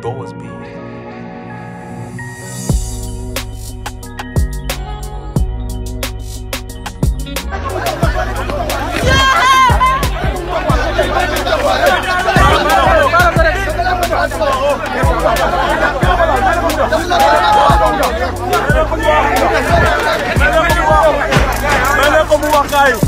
Thorsby. Malakom mo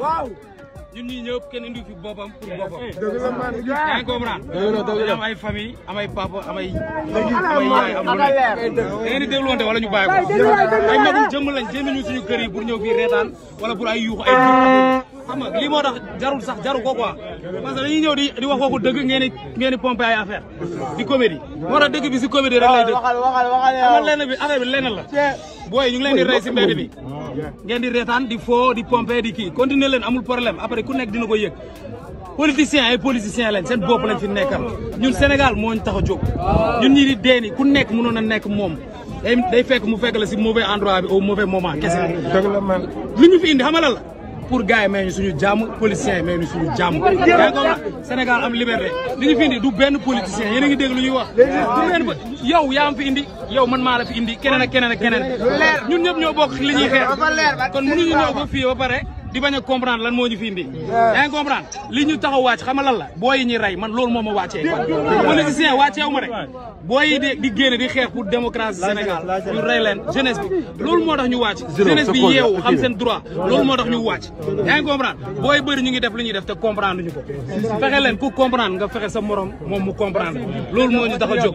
Wow! ñun ñii ñëpp kenn indi fi boppam pour eh, boppam. Eh, dëgg la man yaa ngi comprendre. dëgg la am ay famille am ay papa am ay. am ay am lu da ngeen di dégluwante wala ñu bàyyi ko. ay magum jëmm lañ jënd ñu suñu kër yi pour ñëw fii reetaan wala pour ay yuuxu ay. xam nga lii moo tax jarul sax jaru ko di di wax waxu dëgg ngeen ngeen di pompé ay affaire di comédie moo tax dëgg bi si comédie rek lay dëgg amal lenn bi affaire bi lenn la booy ñu di rey di reetaan di foo di pompé di kii continuer leen amul problème après ku nekk dina ko yëg politiciens ay politiciens lañ seen bopp lañ fi nekkal ñun Sénégal moo ñu tax a jóg ñun ñi di dee ku nekk mënoon a nekk moom day fekk mu fekk la si mauvais endroit bi au mauvais moment kese lu ñu fi indi xamalal la pour gars yi may ñu suñu jàmm policiers yi may ñu suñu jàmm yaa ngi Sénégal am liberté li ñu fi indi du benn politicien yéen a ngi dégg lu ñuy wax. du yow yaa am fi indi yow man maa la fi indi keneen ak keneen ak ñun ñëpp ñoo bok li ñuy xeex kon mënuñu ñëw ba fii ba pare. di bañ a comprendre lan moo ñu fi indi yaa li ñu taxaw wàcc xam nga lan la booy yi rey man loolu moo ma wàccee politicien wàcceewu ma rek booy yi di génne di xeex pour démocratie Sénégal ñu rey leen jeunesse bi loolu moo tax ñu wàcc jeunesse bi yeewu xam seen droit loolu moo tax ñu wàcc yaa booy bëri ñu ngi def li ñuy def te comprendre ñu ko fexe leen ku comprendre nga fexe sa morom moom mu comprendre loolu moo ñu tax a jóg